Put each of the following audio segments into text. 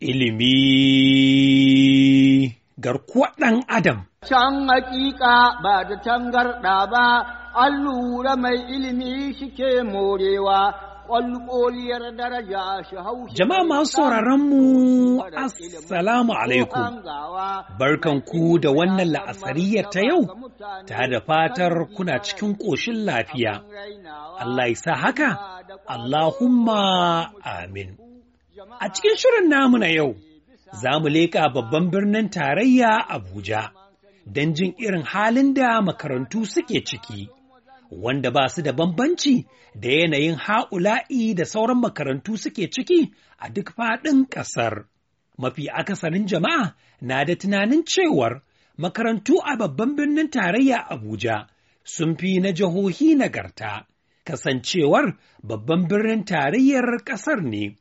ilimi garkuwar ɗan adam. Can hakika ba da tangarɗa ba, an lura mai ilimi shi ke morewa. Jama'a masu sauraron mu, Assalamu alaikum, barkan ku da wannan la'asariyar ta yau, ta da fatar kuna cikin ƙoshin lafiya. Allah yi sa haka, Allahumma amin. A cikin shirin namu na yau, za mu leƙa babban birnin tarayya Abuja don jin irin halin da makarantu suke ciki, wanda ba su da bambanci da yanayin ha'ula'i da sauran makarantu suke ciki a duk faɗin ƙasar. Mafi akasarin jama'a na da tunanin cewar makarantu a babban birnin tarayya Abuja sun fi na jihohi nagarta, kasancewar babban birnin tarayyar ƙasar ne.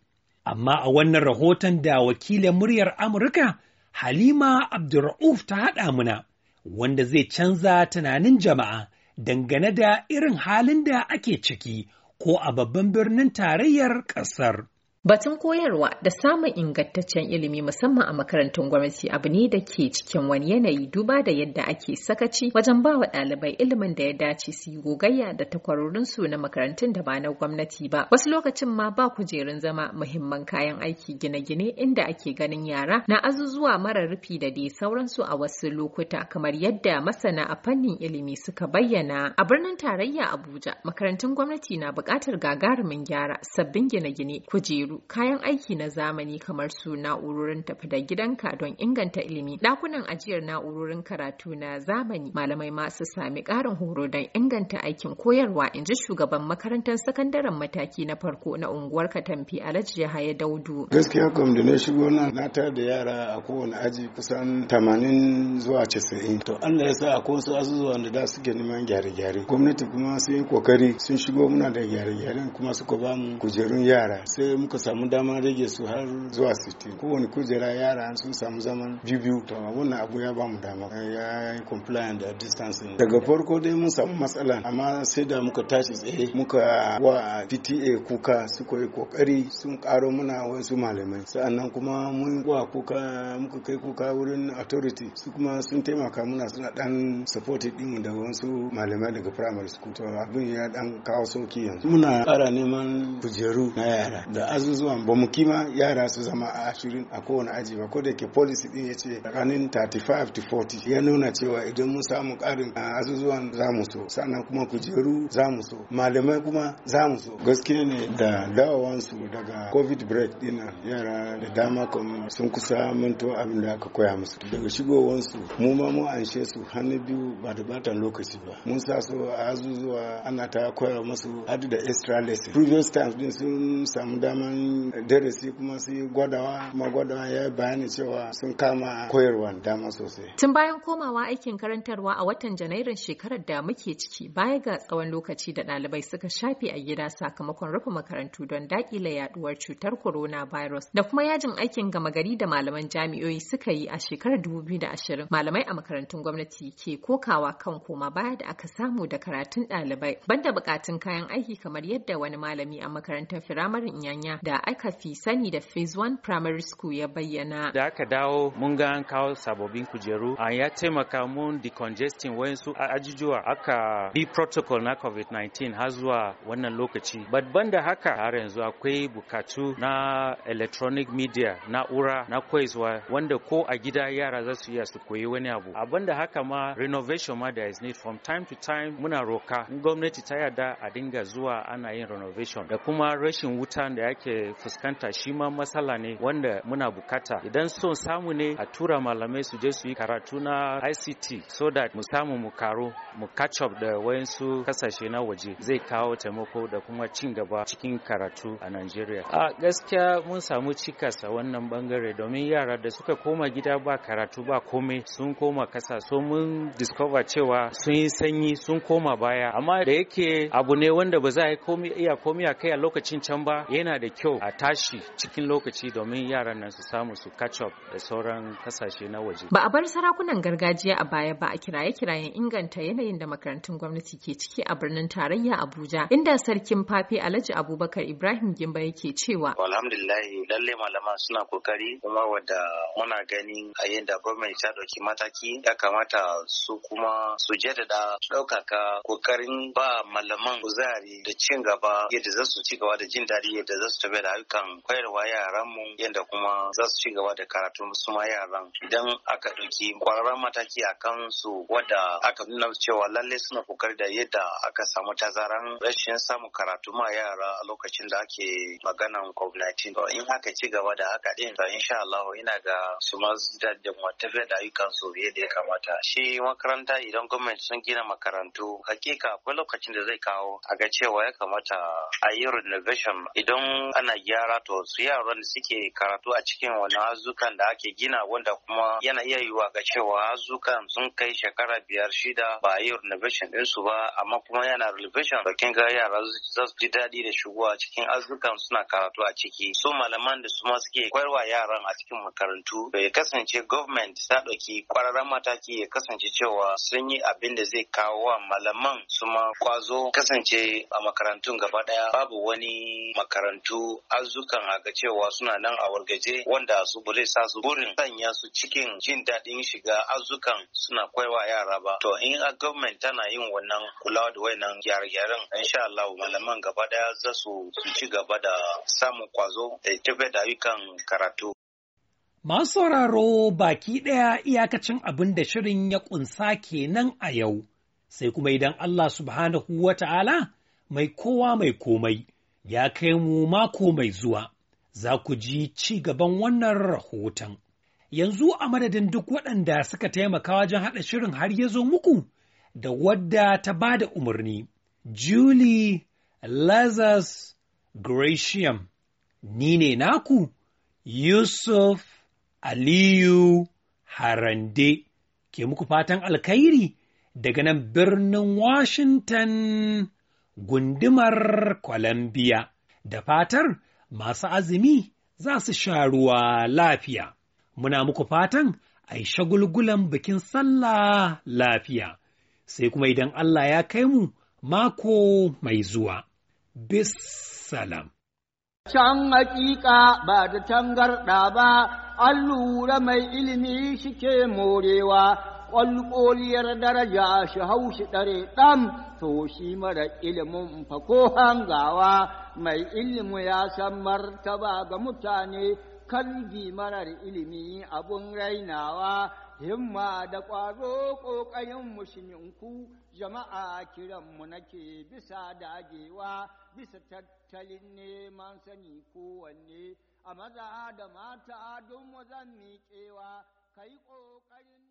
Amma a wannan rahoton da wakilin muryar Amurka Halima Abdur'uf ta haɗa muna, wanda zai canza tunanin jama'a dangane da irin halin da ake ciki ko a babban birnin tarayyar ƙasar. Batun koyarwa da samun ingantaccen ilimi musamman a makarantun gwamnati abu ne da ke cikin wani yanayi duba da yadda ake sakaci wajen ba wa ɗalibai ilimin da ya dace su yi gogayya da takwarorinsu na makarantun da ba na gwamnati ba. Wasu lokacin ma ba kujerun zama muhimman kayan aiki gine-gine inda ake ganin yara na azuzuwa mara rufi da dai sauransu a wasu lokuta kamar yadda masana a fannin ilimi suka bayyana. A birnin tarayya Abuja makarantun gwamnati na buƙatar gagarumin gyara sabbin gine-gine kujeru kayan aiki na zamani kamar su na'urorin tafi da gidanka don inganta ilimi, ɗakunan ajiyar na'urorin karatu na zamani, malamai masu sami ƙarin horo don inganta aikin koyarwa, in ji shugaban makarantar sakandaren mataki na farko na unguwar Katamfi Alhaji Yahaya Daudu. Gaskiya kam da na shigo na na da yara a kowane aji kusan tamanin zuwa casa'in. To Allah ya sa akwai wasu azuzuwan da su suke neman gyare-gyare. Gwamnati kuma sun yi kokari sun shigo muna da gyare-gyaren kuma suka ba mu kujerun yara sai muka samu dama rage su har zuwa 60 kowane kujera yara sun samu zaman biyu to wannan abu ya bamu dama eh, ya yi compliant da distancing daga farko dai mun samu matsala amma sai da muka tashi tsaye muka wa PTA kuka su yi kokari sun karo muna wasu malamai sa'annan kuma mun wa kuka muka kai kuka wurin authority su kuma sun taimaka muna suna dan support din da wasu malamai daga primary school to abin ya dan kawo sauki yanzu muna kara neman kujeru na yara da azumi azuzuwan ba mu kima yara su zama a ashirin a kowane aji ba ko da ke policy din ya ce tsakanin 35 to 40 ya nuna cewa idan mun samu karin ah, azuzuwan za mu so sannan kuma kujeru za mu so malamai kuma za mu so gaskiya ne da dawowansu daga covid break dina yara da dama kuma sun kusa manto abin da aka koya musu daga shigowansu mu ma mu anshe su hannu biyu ba da batan lokaci ba mun sa su a azuzuwa ana ta koya musu hadu da extra lesson previous times din sun samu daman sun darasi kuma sun yi gwadawa kuma gwadawa ya yi bayani cewa sun kama koyarwa dama sosai. Tun bayan komawa aikin karantarwa a watan Janairun shekarar da muke ciki baya ga tsawon lokaci da ɗalibai suka shafe a gida sakamakon rufe makarantu don daƙile yaduwar cutar virus da kuma yajin aikin gama gari da malaman jami'o'i suka yi a shekarar da ashirin, malamai a makarantun gwamnati ke kokawa kan koma baya da aka samu da karatun ɗalibai banda bukatun kayan aiki kamar yadda wani malami a makarantar firamarin Inyanya da aka fi sani da phase 1 primary school ya bayyana. Da aka dawo mun ga an kawo sababbin kujeru An ya taimaka mun decongesting a ajujuwa aka bi protocol na COVID-19 har zuwa wannan lokaci. Babban da haka har yanzu akwai bukatu na electronic media na ura na kwaizuwa wanda ko a gida yara za su iya su koyi wani abu. Abin da haka ma renovation ma da is need from time to time muna roka gwamnati ta yarda a dinga zuwa ana yin renovation da kuma rashin wuta da yake fuskanta shi ma matsala ne wanda muna bukata idan so samu ne a tura malamai su je su yi karatu na ICT so that mu samu mu karo mu catch up da wayansu kasashe na waje zai kawo taimako da kuma cin gaba cikin karatu a Najeriya. A gaskiya mun samu cikas a wannan bangare domin yara da suka koma gida ba karatu ba komai sun koma kasa so mun discover cewa sun yi sanyi sun koma baya amma da yake abu ne wanda ba za a yi komai iya komai a kai a lokacin can ba yana da kyau kyau a tashi cikin lokaci domin yaran nan su samu su catch up da sauran kasashe na waje. Ba a bar sarakunan gargajiya a baya ba a kiraye-kirayen inganta yanayin da makarantun gwamnati ke ciki a birnin tarayya Abuja inda sarkin fafe Alhaji Abubakar Ibrahim Gimba yake cewa. Alhamdulillahi lalle malaman suna kokari kuma wadda muna gani a yadda gwamnati ta ɗauki mataki ya kamata su kuma su jaddada ɗaukaka kokarin ba malaman kuzari da cin gaba yadda za su ci gaba da jin daɗi yadda za tafiya da ayyukan koyarwa yaranmu yadda kuma za su ci gaba da karatu su ma yaran idan aka ɗauki kwararren mataki a kan su wadda aka nuna cewa lalle suna kokari da yadda aka samu tazaran rashin samu karatu ma yara a lokacin da ake maganan covid-19 in haka ci gaba da haka ɗin to insha Allah ina ga su ma da tafiya da ayyukan su yadda ya kamata shi makaranta idan gwamnati sun gina makarantu hakika akwai lokacin da zai kawo a ga cewa ya kamata a yi renovation idan ana gyara to su yaran suke karatu a cikin wannan azukan da ake gina wanda kuma yana iya yiwuwa ga cewa azukan sun kai shekara biyar shida ba a yi renovation ɗinsu ba amma kuma yana renovation da kin ga yara za su ji daɗi da a cikin azukan suna karatu a ciki su malaman da su ma suke koyarwa yaran a cikin makarantu bai kasance government ta ɗauki ƙwararren mataki ya kasance cewa sun yi abin da zai kawo wa malaman su ma kwazo kasance a makarantun gaba ɗaya babu wani makarantu arzukan azukan haka cewa suna nan a wargaje wanda su ba sa su burin sanya su cikin jin daɗin shiga azukan suna kwaiwa yara ba to in a gwamnati tana yin wannan kulawa da wayannan gyare-gyaren insha Allah malaman gaba daya za su ci gaba da samun kwazo da tafiya da ayyukan karatu Masu sauraro baki ɗaya iyakacin abin da shirin ya ƙunsa kenan a yau, sai kuma idan Allah subhanahu wa ta'ala mai kowa mai komai ya kai mu mako mai zuwa, za ku ji ci gaban wannan rahoton. Yanzu a madadin duk waɗanda suka taimaka wajen haɗa shirin har ya zo muku da wadda ta ba da umarni, Julie Lazarus Gratiam, ni ne naku Yusuf Aliyu Harande, ke muku fatan alkhairi daga nan birnin Washington. gundumar Columbia, da fatar masu azumi za su sha ruwa lafiya. Muna muku fatan a yi shagulgulan bikin sallah lafiya, sai kuma idan Allah ya kai mu mako mai zuwa. bissalam Can hakika ba da garɗa ba, an lura mai ilimi shike morewa. ƙwalƙoliyar daraja shi haushi ɗare ɗan, to shi mara ilimin fa ko hangawa mai ilimi ya san martaba ga mutane kalbi marar ilimi abun rainawa himma da ƙwazo ƙoƙarin musulminku jama'a kiranmu nake bisa dagewa bisa tattalin neman sani kowanne a maza da mata don mu zan miƙewa kai ƙoƙarin